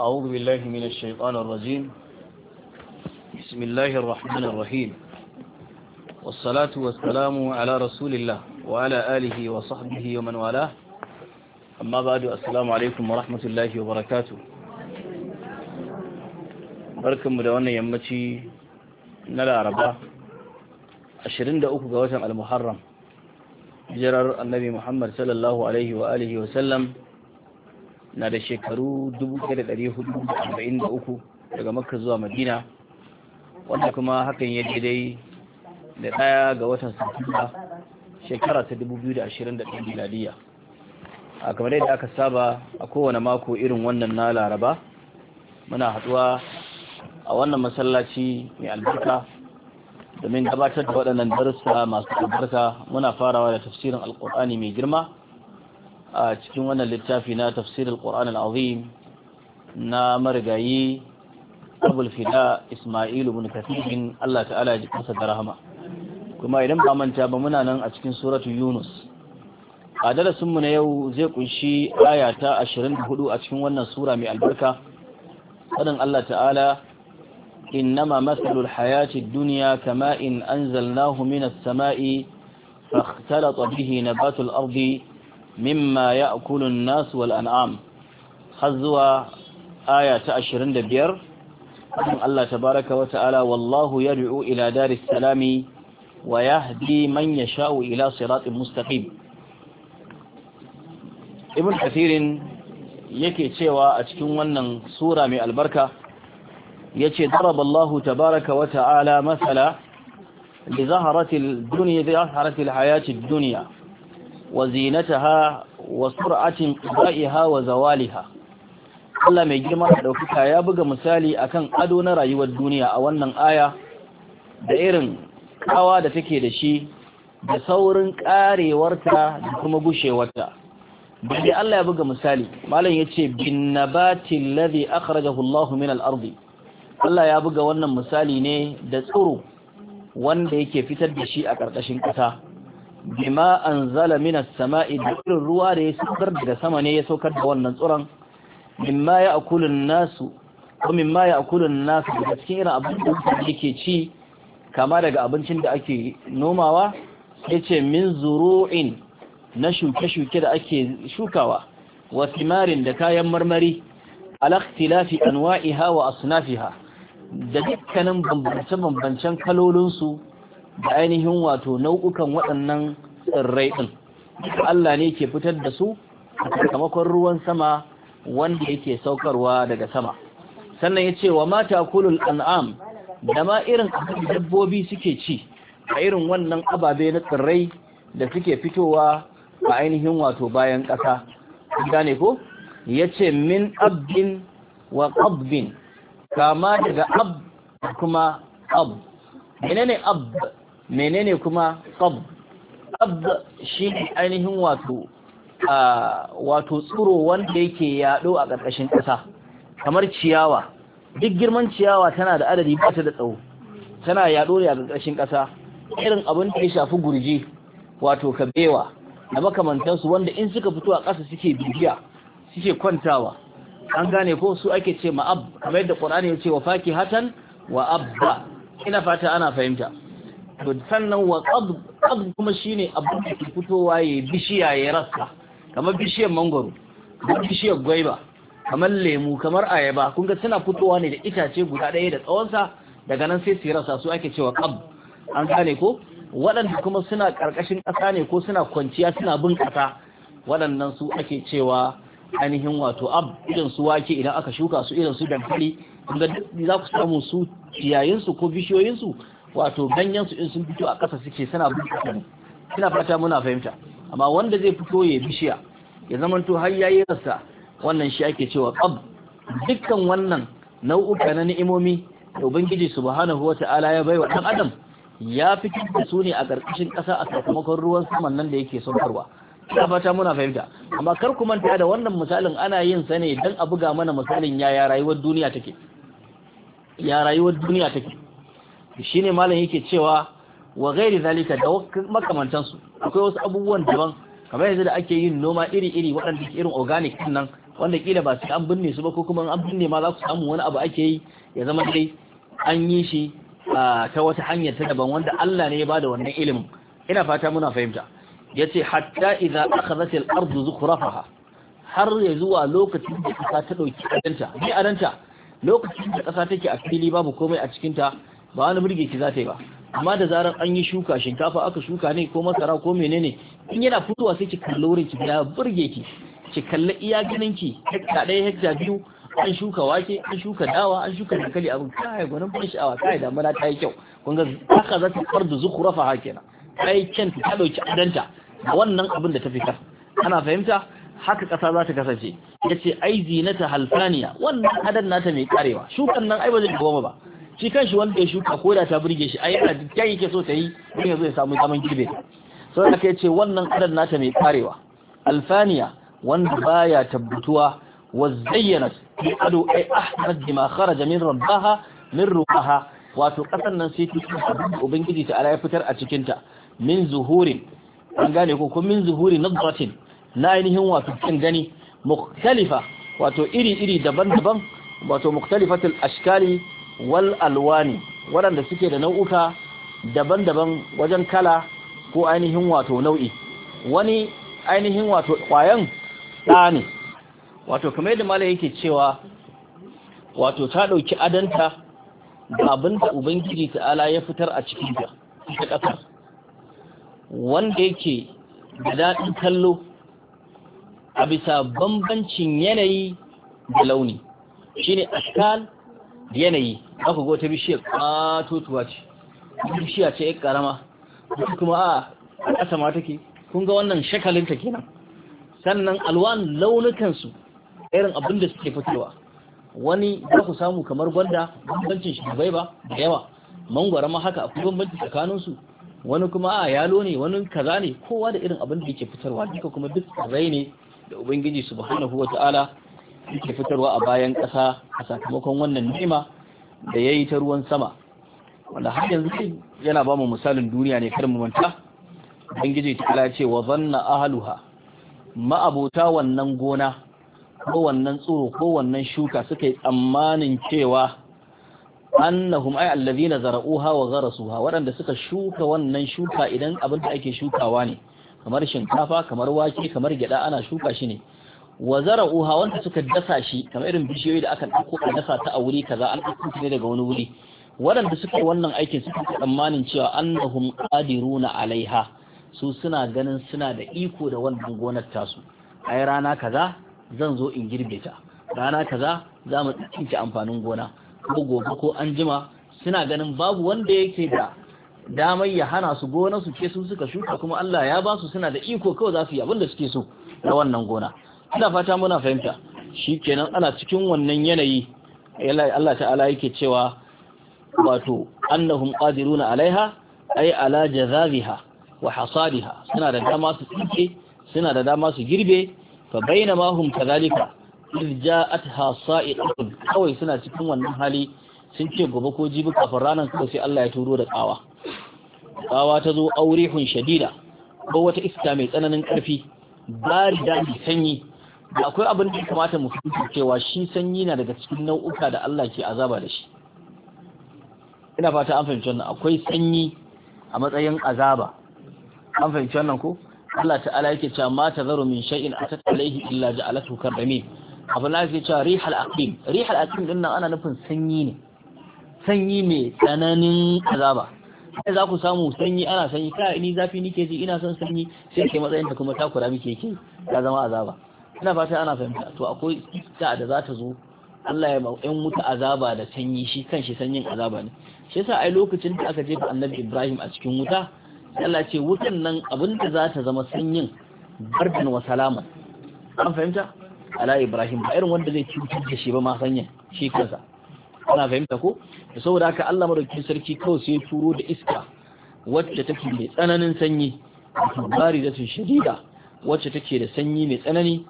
أعوذ بالله من الشيطان الرجيم بسم الله الرحمن الرحيم والصلاة والسلام على رسول الله وعلى آله وصحبه ومن والاه أما بعد السلام عليكم ورحمة الله وبركاته barkan mu da wannan yammaci na laraba 23 ga watan al-muharram jirar annabi muhammad sallallahu alaihi wa alihi wa sallam na da shekaru 1443 daga makka zuwa madina wanda kuma hakan ya daidai da daya ga watan satumba shekara ta 2021 miladiya a kamar yadda aka saba a kowane mako irin wannan na laraba muna haduwa a wannan masallaci mai albarka domin gabatar da waɗannan darussa masu albarka muna farawa da tafsirin alkur'ani mai girma a cikin wannan littafi na tafsirin ƙoran al'azim na marigayi abul fida ismailu bin kafirin allah ta'ala ji kasa da rahama kuma idan ba manta ba muna nan a cikin suratu yunus a darasinmu na yau zai kunshi aya ta 24 a cikin wannan sura mai albarka sanin allah ta'ala إنما مثل الحياة الدنيا sama'i أنزلناه ta السماء فاختلط na batul ardi. mimma ya akulun nasu wal an'am har zuwa aya ta 25 Allah baraka wa ta'ala wallahu ya ri'u ila daris salami wa yahdi man sha'u ila siratin mustaqim ibn kasirin yake cewa a cikin wannan sura mai albarka yace daraballahu tabaraka wa ta'ala matsala li zaharatil dunya hayatid duniya. وزينتها وسرعة hawa zawaliha. Allah mai girma da daukaka ya buga misali akan ado na rayuwar duniya a wannan aya da irin kawa da take da shi da saurin karewarta da kuma gushewarta bai Allah ya buga misali malam yace bin nabati aka akhrajahu Allah min al-ardi Allah ya buga wannan misali ne da tsiro wanda yake fitar da shi a ƙarƙashin ƙasa bima anzala minas sama'i da irin ruwa da ya saukar daga sama ne ya saukar da wannan tsuran mimma ya akulun nasu ko mimma ya akulun nasu daga cikin irin abincin da yake ci kama daga abincin da ake nomawa ya ce min zuru'in na shuke-shuke da ake shukawa wa simarin da kayan marmari alakhtilafi anwa'iha wa asnafiha da dukkanin bambance-bambancen kalolinsu da ainihin wato nau'ukan waɗannan tsirrai ɗin Allah ne ke fitar da su a sakamakon ruwan sama wanda yake saukarwa daga sama sannan ya ce wa mata kulul an'am da ma irin dabbobi suke ci a irin wannan ababe na tsirrai da suke fitowa a ainihin wato bayan ƙasa gane ko ya ce min abdin wa ƙabbin kama daga ab kuma ab menene ab menene kuma qab qab shine ainihin wato wato tsuro wanda yake yaɗo a ƙarƙashin ƙasa kamar ciyawa duk girman ciyawa tana da adadi ba ta da tsawo tana yado ne a ƙarƙashin ƙasa irin abin da ya shafi gurji wato kabewa da su, wanda in suka fito a ƙasa suke bibiya suke kwantawa an gane ko su ake ce ma'ab kamar yadda ƙur'ani ya ce wa faki hatan wa abba ina fata ana fahimta to sannan wa qad kuma shine abin da ke fitowa ya bishiya ya rasa kamar bishiyar mangoro kamar bishiyar gwaiba kamar lemu kamar ayaba kun ga suna fitowa ne da itace guda ɗaya da tsawonsa daga nan sai su rasa su ake cewa qab an gane ko waɗanda kuma suna ƙarƙashin ƙasa ne ko suna kwanciya suna bin ƙasa waɗannan su ake cewa ainihin wato ab irin su wake idan aka shuka su irin su dankali kun ga za ku samu su ciyayinsu ko bishiyoyinsu. wato ganyen su in sun fito a ƙasa suke suna bunƙasa ne ina fata muna fahimta amma wanda zai fito ya bishiya ya zamanto har yayi rasa wannan shi ake cewa qab dukkan wannan nau'uka na ni'imomi da ubangiji subhanahu wata'ala ya baiwa dan adam ya fitar da su ne a ƙarƙashin ƙasa a sakamakon ruwan saman nan da yake saukarwa ina fata muna fahimta amma kar ku manta da wannan misalin ana yin sa ne dan a buga mana misalin ya ya rayuwar duniya take ya rayuwar duniya take shi ne malam yake cewa wa gairi zalika da makamantansu akwai wasu abubuwan daban kamar yanzu da ake yin noma iri-iri waɗanda ke irin organic din nan wanda kila ba sai an binne su ba ko kuma an binne ma za ku samu wani abu ake yi ya zama dai an yi shi ta wata hanyar ta daban wanda Allah ne ya bada wannan ilimin ina fata muna fahimta yace hatta idza akhadhat al-ard zukhrafaha har ya zuwa lokacin da kasa ta dauki adanta ni adanta lokacin da kasa take a fili babu komai a cikin ta ba wani burge ki za ta yi ba amma da zarar an yi shuka shinkafa aka shuka ne ko masara ko menene in yana fitowa sai ki kalli wurin ki ya burge ki ki kalli iya ganin ki hekta ɗaya hekta biyu an shuka wake an shuka dawa an shuka dankali abin kai gwanin ban sha'awa kai damuna ta yi kyau kun ga haka za ta fardu zukurafa ha kenan ta yi ta dauki adanta wannan abin da ta fitar ana fahimta haka ƙasa za ta kasance ya ce ai zinata halfaniya wannan adan nata mai karewa shukan nan ai ba zai goma ba shi shi wanda ya shuka ko da ta burge shi ai yana da yake so ta yi don ya zo ya samu zaman girbe sau da kai ce wannan adan nata mai karewa alfaniya wanda baya tabbutuwa wa zayyana bi ado ai ahmad bima kharaja min rabbaha min ruqaha wato kasan nan sai ta ubangiji ta ya fitar a cikin ta min zuhurin an gane ko min zuhuri nadratin na ainihin wato kin gani mukhtalifa wato iri iri daban-daban wato mukhtalifatul ashkali wal alwani waɗanda suke da nau'uka daban-daban wajen kala ko ainihin wato nau'i wani ainihin wato ƙwayan ɗa wato kamar yadda yake cewa wato ta ɗauki adanta da abin da ubangiji ta'ala ya fitar a cikin ta ta ƙasa wanda yake da daɗin kallo a bisa bambancin yanayi da launi shine askal yanayi aka ku ga wata bishiyar ƙatotuwa ce bishiya ce ya ƙarama wata kuma a ƙasa ma take kun ga wannan shakalinta kenan sannan alwan launukansu irin abin da suke fitowa wani za ku samu kamar gwanda bambancin shi bai ba da yawa mangwara ma haka akwai bambanci tsakaninsu wani kuma a yalo ne wani kaza ne kowa da irin abin da yake fitarwa duka kuma duk rai ne da ubangiji subhanahu ta'ala yake fitarwa a bayan ƙasa a sakamakon wannan ni'ima da ya yi ta ruwan sama wanda har yanzu yana ba mu misalin duniya ne kar mu manta ubangiji ta ce wa zanna ahluha ma'abota wannan gona ko wannan tsoro ko wannan shuka suka yi tsammanin cewa annahum ay allazina zara'uha wa gharasuha waɗanda suka shuka wannan shuka idan abin da ake shukawa ne kamar shinkafa kamar wake kamar gyada ana shuka shi ne wa zara'uha wanda suka dasa shi kamar irin bishiyoyi da aka ɗauko a dasa ta a wuri kaza an ɗauko ne daga wani wuri waɗanda suka yi wannan aikin suka tsammanin cewa annahum qadiruna alaiha su suna ganin suna da iko da wannan gonar tasu ai rana kaza zan zo in girbe ta rana kaza za mu tsinci amfanin gona ko gobe ko an jima suna ganin babu wanda yake da damar ya hana su gona su ke su suka shuka kuma Allah ya ba su suna da iko kawai za su yi abin da suke so na wannan gona ina fata muna fahimta shikenan ana cikin wannan yanayi Allah ta'ala yake cewa wato annahum qadiruna alaiha ay ala jazaziha wa hasadiha suna da dama su tsinke suna da dama su girbe fa bainama hum kadhalika iz ja'atha sa'iqatun kawai suna cikin wannan hali sun ce gobe ko jibi kafin ranar kawai sai Allah ya turo da tsawa tsawa ta zo aurihun shadida ko wata iska mai tsananin karfi bari da sanyi da akwai abin da ya kamata mu fito cewa shi sanyi na daga cikin nau'uka da Allah ke azaba da shi ina fata an fahimci wannan akwai sanyi a matsayin azaba an fahimci wannan ko Allah ta'ala yake cewa ma tazaru min shay'in atat alayhi illa ja'alathu karami abu na yake cewa rihal aqim rihal aqim din nan ana nufin sanyi ne sanyi mai tsananin azaba sai za ku samu sanyi ana sanyi kai ni zafi nike ji ina son sanyi sai kai matsayin ta kuma takura muke yake ya zama azaba ina fata ana fahimta to akwai da da za ta zo Allah ya ba ɗan wuta azaba da sanyi shi kan shi sanyin azaba ne shi yasa ai lokacin da aka jefa annabi Ibrahim a cikin wuta Allah ce wutan nan abin da za ta zama sanyin bardan wa salama an fahimta ala Ibrahim ba irin wanda zai cutar da shi ba ma sanyin shi kansa ana fahimta ko da saboda haka Allah madauki sarki kawai sai turo da iska wacce take mai tsananin sanyi bari da shadida wacce take da sanyi mai tsanani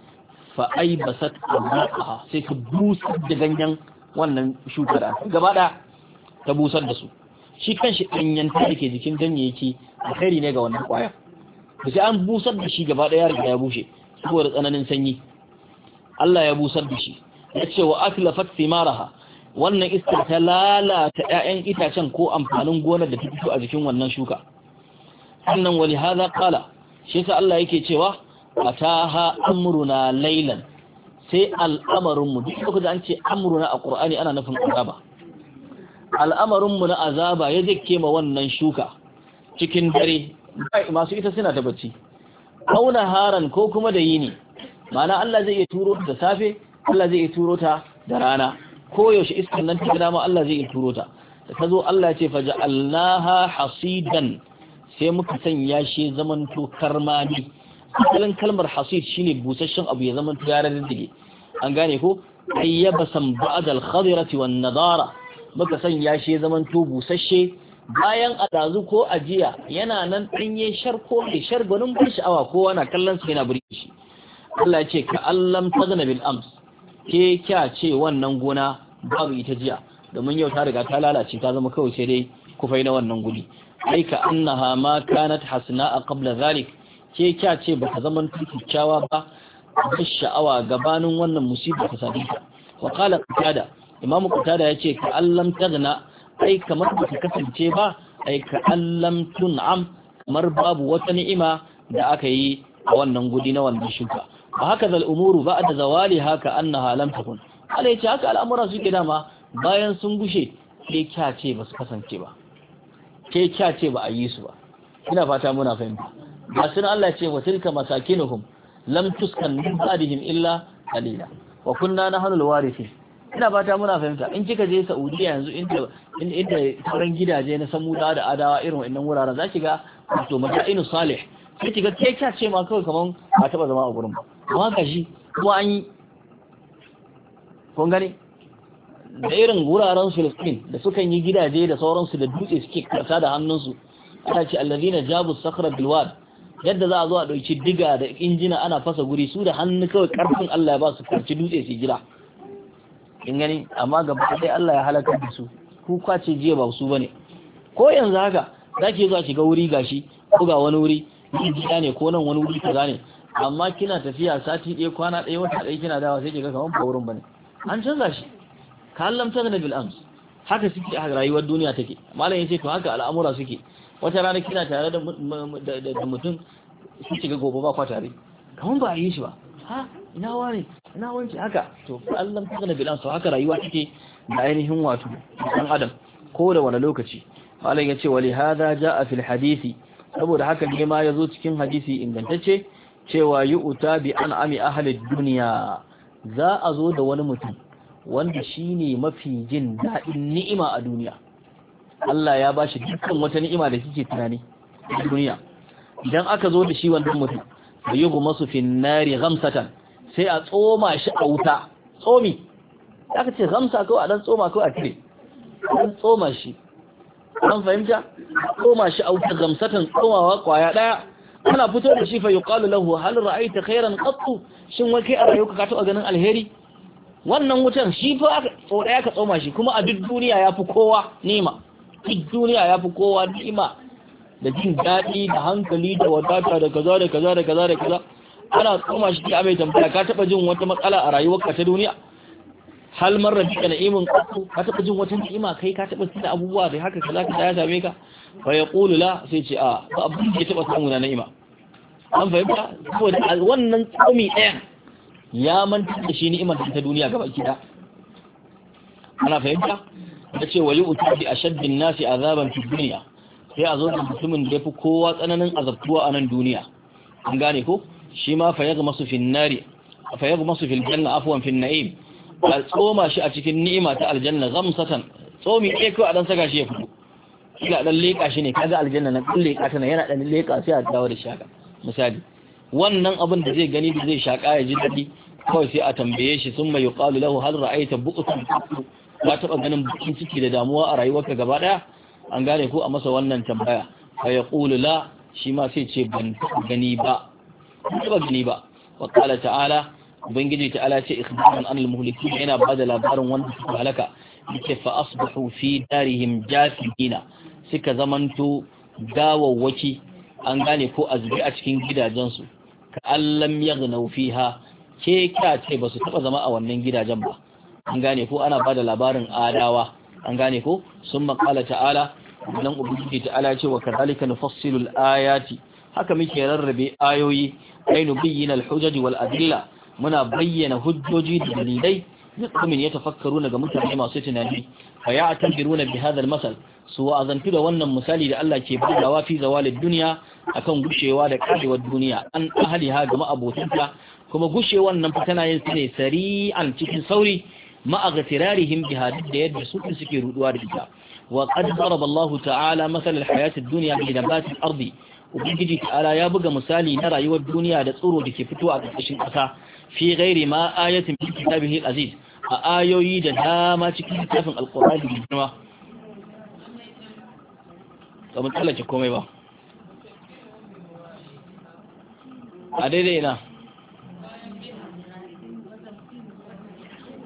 fa ai basat amraqaha sai ka busar da ganyen wannan shukar gaba da ta busar da su shi kanshi ɗanyen ta ke jikin ganyayyaki kai ne ga wannan kwaya da sai an busar da shi gaba daya ya bushe saboda tsananin sanyi Allah ya busar da shi ya ce wa atlafat thimaraha wannan iskar ta lalata ƴaƴan itacen ko amfanin gonar da ta fito a jikin wannan shuka sannan wani hada kala shi yasa Allah yake cewa ataha amruna laylan sai al'amarinmu duk lokacin da an ce amruna a qur'ani ana nufin azaba al'amarinmu na azaba ya zake ma wannan shuka cikin dare masu ita suna ta bacci auna haran ko kuma da yini ma'ana Allah zai iya turo ta da safe Allah zai iya turo ta da rana ko yaushe iskan nan ta dama Allah zai iya turo ta da ta zo Allah ce faja'alnaha hasidan sai muka sanya shi zamanto karmani asalin kalmar hasid shine busasshen abu ya zama yara riddige an gane ko ayyabasan ba'dal khadirati wan nadara san ya she zaman to busasshe bayan a dazu ko ajiya yana nan danye shar ko da shar gwanin ban sha'awa ko wana kallon sa yana burge shi Allah ya ce ka allam tazna bil ams ke kya ce wannan gona babu ita jiya domin yau ta riga ta lalace ta zama kawai sai dai kufai na wannan guri ai ka annaha ma kanat hasna qabla zalik ke kya ce baka zaman kyakkyawa ba da sha'awa gabanin wannan musibar ta sadi ka wa qala qatada imamu qatada yace ka allam tagna ai kamar baka kasance ba ai ka allam tun'am kamar babu wata ni'ima da aka yi a wannan gudi na wannan shuka wa haka zal umuru ba'da zawali haka annaha lam takun Allah yace haka al'amura suke dama bayan sun gushe ke kya ce ba su kasance ba ke kya ce ba a yi su ba ina fata muna fahimta ba sun Allah ce wa tilka masakinuhum lam tuskan min ba'dihim illa qalila wa kunna nahnu alwarithin ina fata muna fahimta in kika je Saudiya yanzu inda inda sauran gidaje na samuda da adawa irin wannan wuraren zaki ga wato mata'inu salih sai kiga kai kya ce ma kawai kaman ba taba zama a gurin ba amma gashi kuma an yi kun gani. da irin wuraren Filistin da sukan yi gidaje da sauransu da dutse suke karsa da hannunsu ana ce allazina jabu sakhra bilwad yadda za a zo a ɗauki diga da injina ana fasa guri su da hannu kawai ƙarfin Allah ya ba su dutse su jira in gani amma gaba ɗaya Allah ya halaka da su ku kwace jiya ba su bane ko yanzu haka zaki zo a shiga wuri gashi ko ga wani wuri ni gida ne ko nan wani wuri kaza ne amma kina tafiya sati ɗaya kwana ɗaya wata ɗaya kina dawa sai kiga kamar ba wurin bane an canza shi kallam Tana bil bil'ams haka suke a rayuwar duniya take malam ya ce to haka al'amura suke wata rana kina tare da mutum sun shiga gobe ba kwa tare kamar ba a yi shi ba ha ina wani ina wanci haka to Allah ta kana bilan haka rayuwa take da ainihin wato dan adam ko da wani lokaci malam ya ce wali hada jaa fil hadisi saboda haka ne ma yazo cikin hadisi ingantacce cewa yu'ta bi an ami ahli dunya za a zo da wani mutum wanda shine mafi jin daɗin ni'ima a duniya Allah ya bashi dukkan wata ni'ima da kike tunani a duniya idan aka zo da shi wannan mutum bayyuhu masu finnari gamsatan, sai a tsoma shi a wuta tsomi aka ce gamsa ko a dan tsoma ko a tire dan tsoma shi an fahimta tsoma shi a wuta gamsatan tsomawa kwaya daya ana fito da shi fa yuqalu lahu hal ra'aita khairan qattu shin wai kai a rayuka ka taba ganin alheri wannan wutan shi fa aka tsodaya ka tsoma shi kuma a duk duniya ya fi kowa nima duk duniya ya fi kowa ni'ima da jin daɗi da hankali da wadata da kaza da kaza da kaza da kaza ana tsoma shi a mai tambaya ka taɓa jin wata matsala a rayuwarka ta duniya hal marar da na'imin ƙasu ka taɓa jin wata ni'ima kai ka taɓa sina abubuwa da haka kaza kaza ya same ka fa ya ƙulu la sai ce a ba abin da ya taɓa samu na ni'ima an fahimta saboda wannan tsomi ɗaya ya manta da shi ni'imar ta duniya gaba ki ana fahimta ya ce wa Utafi a ashaddin nasi azaban fid dunya sai a zo da mutumin da ya fi kowa tsananin azabtuwa a nan duniya an gane ko shi ma fa yaghmasu fin nari fa yaghmasu fil janna afwan fin na'im a tsoma shi a cikin ni'ima ta aljanna ghamsatan tsomi ɗaya kawai a dan saka shi ya fito ila dan leka shi ne kaga aljanna na kulle ka tana yana dan leka sai a dawo da shaka misali wannan abin da zai gani da zai shaka ya ji dadi kawai sai a tambaye shi sun mai yuqalu lahu hal ra'aita bu'tan ka taɓa ganin bakin ciki da damuwa a rayuwarka gaba ɗaya an gane ko a masa wannan tambaya fa ya la shi ma sai ce ban gani ba ban gani ba wa ta'ala ubangiji ta'ala ce ikhbaran anil muhlikin yana ba da labarin wanda suka halaka yake fa asbahu fi darihim jasimina suka zamanto gawawwaki an gane ko azbi a cikin gidajensu ka allam yaghnau fiha ke kya ce ba su taba zama a wannan gidajen ba an gane ko ana bada labarin adawa an gane ko sun maƙala ta'ala nan ubangiji ta'ala cewa kadhalika nufassilu al-ayati haka muke rarrabe ayoyi ainu bayyana al-hujaj wal adilla muna bayyana hujjoji da dalilai liqaumin yatafakkaruna ga mutane masu tunani fa ya'tabiruna bi hadha al-masal su wa'azantu da wannan misali da Allah ke bugawa fi zawalid dunya akan gushewa da kadewar duniya an ahliha ga ma'abotanta kuma gushewan nan fa tana yin ne sari'an cikin sauri ma'a ga firarihim biha duk da yadda su din suke ruduwa da ita wa qad daraba Allahu ta'ala masalan hayatid dunya bi nabatil ardi ubangiji ta'ala ya buga misali na rayuwar duniya da tsoro da ke fito a ƙarƙashin ƙasa fi ghairi ma ayatin fi kitabihi aziz a ayoyi da dama cikin littafin alqur'ani da kuma kamar tsallake komai ba a daidai na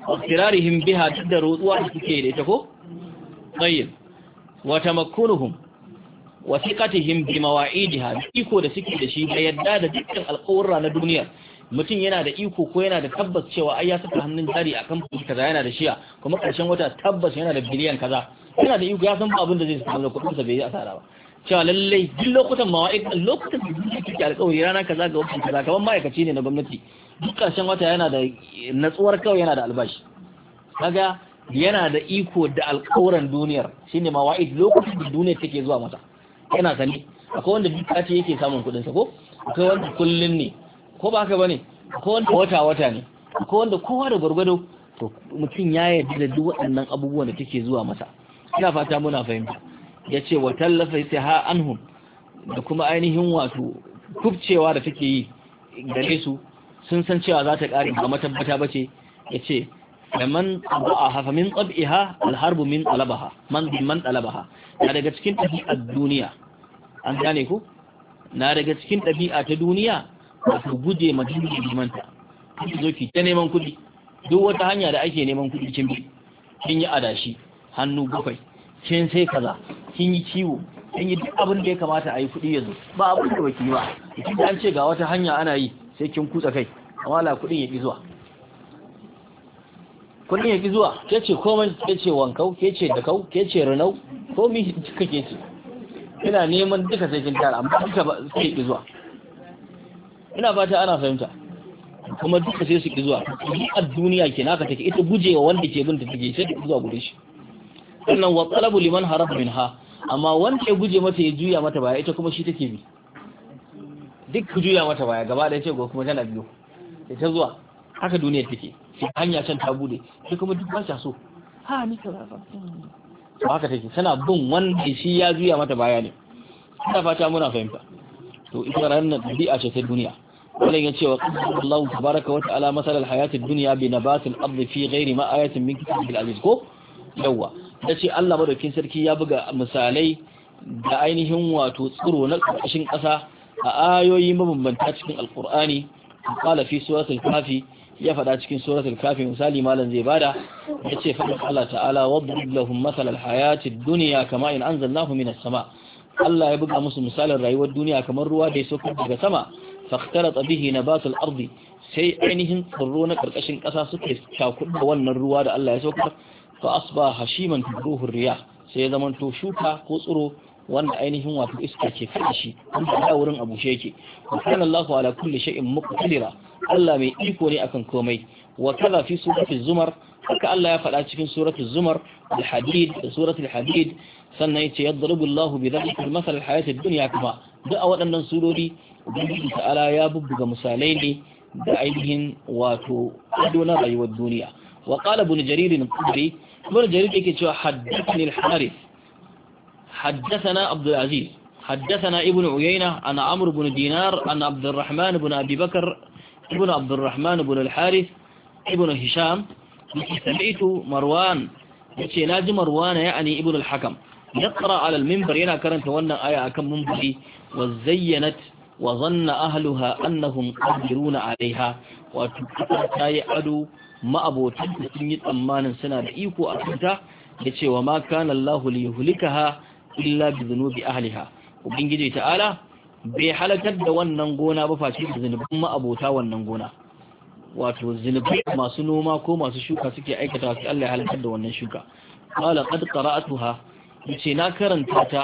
wasirarihim biha duk da rutsuwa da suke da ita ko tsayin mawa'idiha iko da suke da shi da yadda da dukkan alƙawarra na duniya mutum yana da iko ko yana da tabbas cewa ai ya saka hannun jari akan kamfani kaza yana da shiya kuma ƙarshen wata tabbas yana da biliyan kaza yana da iko ya san abin da zai samu da kuɗinsa bai yi asara ba cewa lallai duk lokutan mawa'id lokutan da duniya alƙawari rana kaza ga wakil kaza kamar ma'aikaci ne na gwamnati duk ƙarshen wata yana da natsuwar kawai yana da albashi kaga yana da iko da alƙawuran duniyar shine ma wa'id lokacin da duniyar take zuwa mata yana sani akwai wanda duk kace yake samun kuɗin sa ko akwai wanda kullun ne ko ba haka bane akwai wanda wata wata ne akwai wanda kowa da gwargwado to mutum ya yarda da duk waɗannan abubuwan da take zuwa masa ina fata muna fahimta yace wa tallafa ha anhum da kuma ainihin wato kubcewa da take yi gare su sun san cewa za ta ƙari ba matabbata ba ce ya ce da man a hafa min tsabiha alharbu min talabaha man man talabaha na daga cikin ɗabi'ar duniya an gane ku na daga cikin ɗabi'a ta duniya ba ku guje ma duniya bimanta kuma zo ki ta neman kuɗi duk wata hanya da ake neman kuɗi kin bi kin yi adashi hannu bakwai kin sai kaza kin yi ciwo kin yi duk abin da ya kamata a yi kuɗi yanzu ba abin da baki ba kin an ce ga wata hanya ana yi sai kin kutsa kai amma la kudin ya ki zuwa kudin ya ki zuwa ke ce komai ke ce wankau ke ce dakau ke ce ranau komai duka ke ce ina neman duka sai kin tara amma duka ba sai ki zuwa ina fata ana fahimta kuma duka sai su ki zuwa a duniya ke naka take ita gujewa wanda ke binta take sai ta zuwa gure shi sannan wa talabu liman harab minha amma wanda ya guje mata ya juya mata baya ita kuma shi take bi duk ka juya mata baya gaba da ce go kuma tana biyo sai ta zuwa haka duniya take sai hanya can ta bude sai kuma duk ba so ha ni ka ba to haka take tana bin wanda shi ya juya mata baya ne ina fata muna fahimta to ita ranar dabi'a ce ta duniya wannan ya ce wa Allah tabaraka wa ta'ala masalar hayatid dunya bi nabatil ard fi ghairi ma ayatin min kitabil aziz ko yawa ce Allah madaukin sarki ya buga misalai da ainihin wato tsiro na ƙarƙashin ƙasa a ayoyi mabambanta cikin alkur'ani qala fi suratul kafi ya faɗa cikin suratul kafi misali malam zai bada yace faɗin Allah ta'ala wadrib lahum masalan hayatid duniya kama in anzalnahu minas sama Allah ya buga musu misalin rayuwar duniya kamar ruwa da ya sauko daga sama fakhtarata bihi nabatul ardi sai ainihin tsoro na karkashin ƙasa suke cakuɗa wannan ruwa da Allah ya saukar fa asba hashiman ruhur riya sai ya zamanto shuka ko tsiro wanda ainihin wato iska ke kada shi an da wurin abu shi yake wa kana Allahu ala kulli shay'in muqtadira Allah mai iko ne akan komai wa kaza fi suratul zumar haka Allah ya faɗa cikin suratul zumar al-hadid da suratul hadid sannan yace yadribu Allahu bi dhalika al-masal al-hayat ad-dunya kuma duk a waɗannan surori ubangiji ta'ala ya bubbuga misalai ne da ainihin wato ado na rayuwar duniya wa qala ibn jarir al-qudri ibn jarir yake cewa haddathani al-harith حدثنا عبد العزيز حدثنا ابن عيينة عن عمرو بن دينار عن عبد الرحمن بن أبي بكر ابن عبد الرحمن بن الحارث ابن هشام سمعت مروان yace naji marwana ya'ani ibn al-hakam yaqra 'ala yana karanta wannan aya akan minbari wa zayyanat wa dhanna ahliha annahum qadiruna 'alayha wa tayi ado ma'abotan sun yi tsammanin suna da iko a kanta yace ma kana illa bi zunubi ahliha ubangiji ta'ala bai halakar da wannan gona ba face da zunubin ma'abota wannan gona wato zunubai masu noma ko masu shuka suke aikata su Allah ya halakar da wannan shuka qala qad qara'atuha yace na karanta ta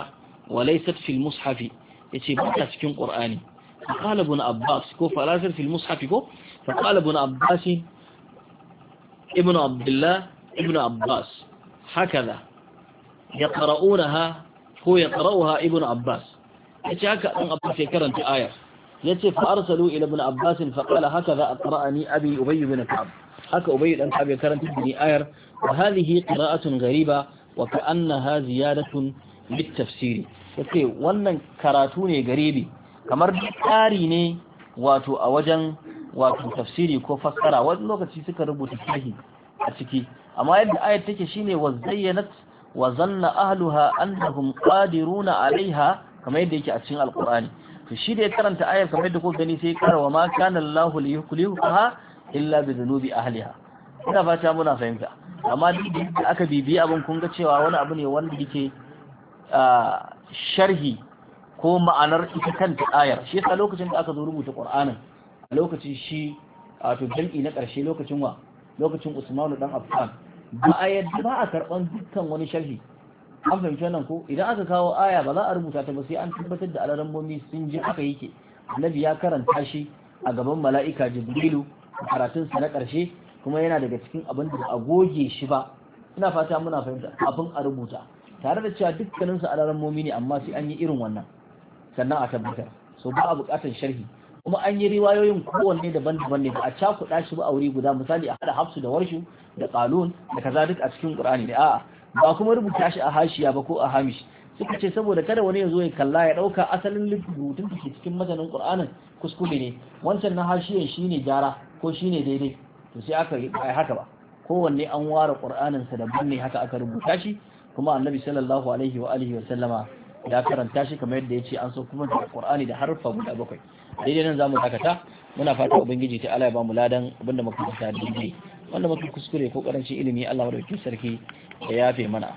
wa laysat fil mushafi yace ba ta cikin qur'ani qala ibn abbas ko falasir fil mushafi ko fa qala ibn abbas ibn abdullah ibn abbas hakaza yaqra'unaha ko ya qara'uha ibnu abbas yace haka dan abbas ya karanta ayar yace fa arsalu ila ibn abbas fa qala hakaza aqra'ani abi ubay ibn ka'b haka ubay ɗan ka'b ya karanta gini ayar wa hadhihi qira'atun ghariba wa ka'annaha ziyadatun litafsir yace wannan karatu ne garibi kamar tsari ne wato a wajen wato tafsiri ko fassara wani lokaci suka rubuta sahi a ciki amma yadda ayar take shine wa zayyanat wa zanna ahluha annahum qadiruna alaiha kamar yadda yake a cikin alqur'ani to shi da ya karanta ayar kamar yadda kuka gani sai karawa wa ma kana Allahu liyukhliha illa bi dhunubi ahliha ina fata muna fahimta amma duk da aka bibiya abin kun ga cewa wani abu ne wanda yake sharhi ko ma'anar ita kanta ayar shi yasa lokacin da aka zo rubuta Qur'anin lokacin shi wato jam'i na ƙarshe lokacin wa lokacin Usman dan Affan a yadda ba a karɓan dukkan wani sharhi an fahimci wannan ko idan aka kawo aya ba za a rubuta ta ba sai an tabbatar da alarambomi sun ji aka yi ke. annabi ya karanta shi a gaban mala'ika jibrilu karatun sa na karshe kuma yana daga cikin abin da a goge shi ba ina fata muna fahimta abin a rubuta tare da cewa dukkanin su alarambomi ne amma sai an yi irin wannan sannan a tabbatar so ba a buƙatar sharhi kuma an yi riwayoyin kowanne daban-daban ne ba a cakuɗa shi ba a wuri guda misali a hada hafsu da warshu da ƙalun da kaza duk a cikin ƙur'ani ne a'a ba kuma rubuta shi a hashiya ba ko a hamish suka ce saboda kada wani ya zo ya kalla ya ɗauka asalin rubutun da ke cikin mazanin ƙur'anin kuskure ne wancan na hashiyan shine gyara ko shine daidai to sai aka yi haka ba kowanne an ware ƙur'anin sa daban ne haka aka rubuta shi kuma annabi sallallahu alaihi wa alihi wa sallama ya karanta shi kamar yadda ya ce an so kuma da Qur'ani da harfa guda bakwai daidai nan zamu dakata muna fata ubangiji ta Allah ya ba mu ladan abinda muka fita daidai wanda muka kuskure ko karancin ilimi Allah madaukakin sarki ya yafe mana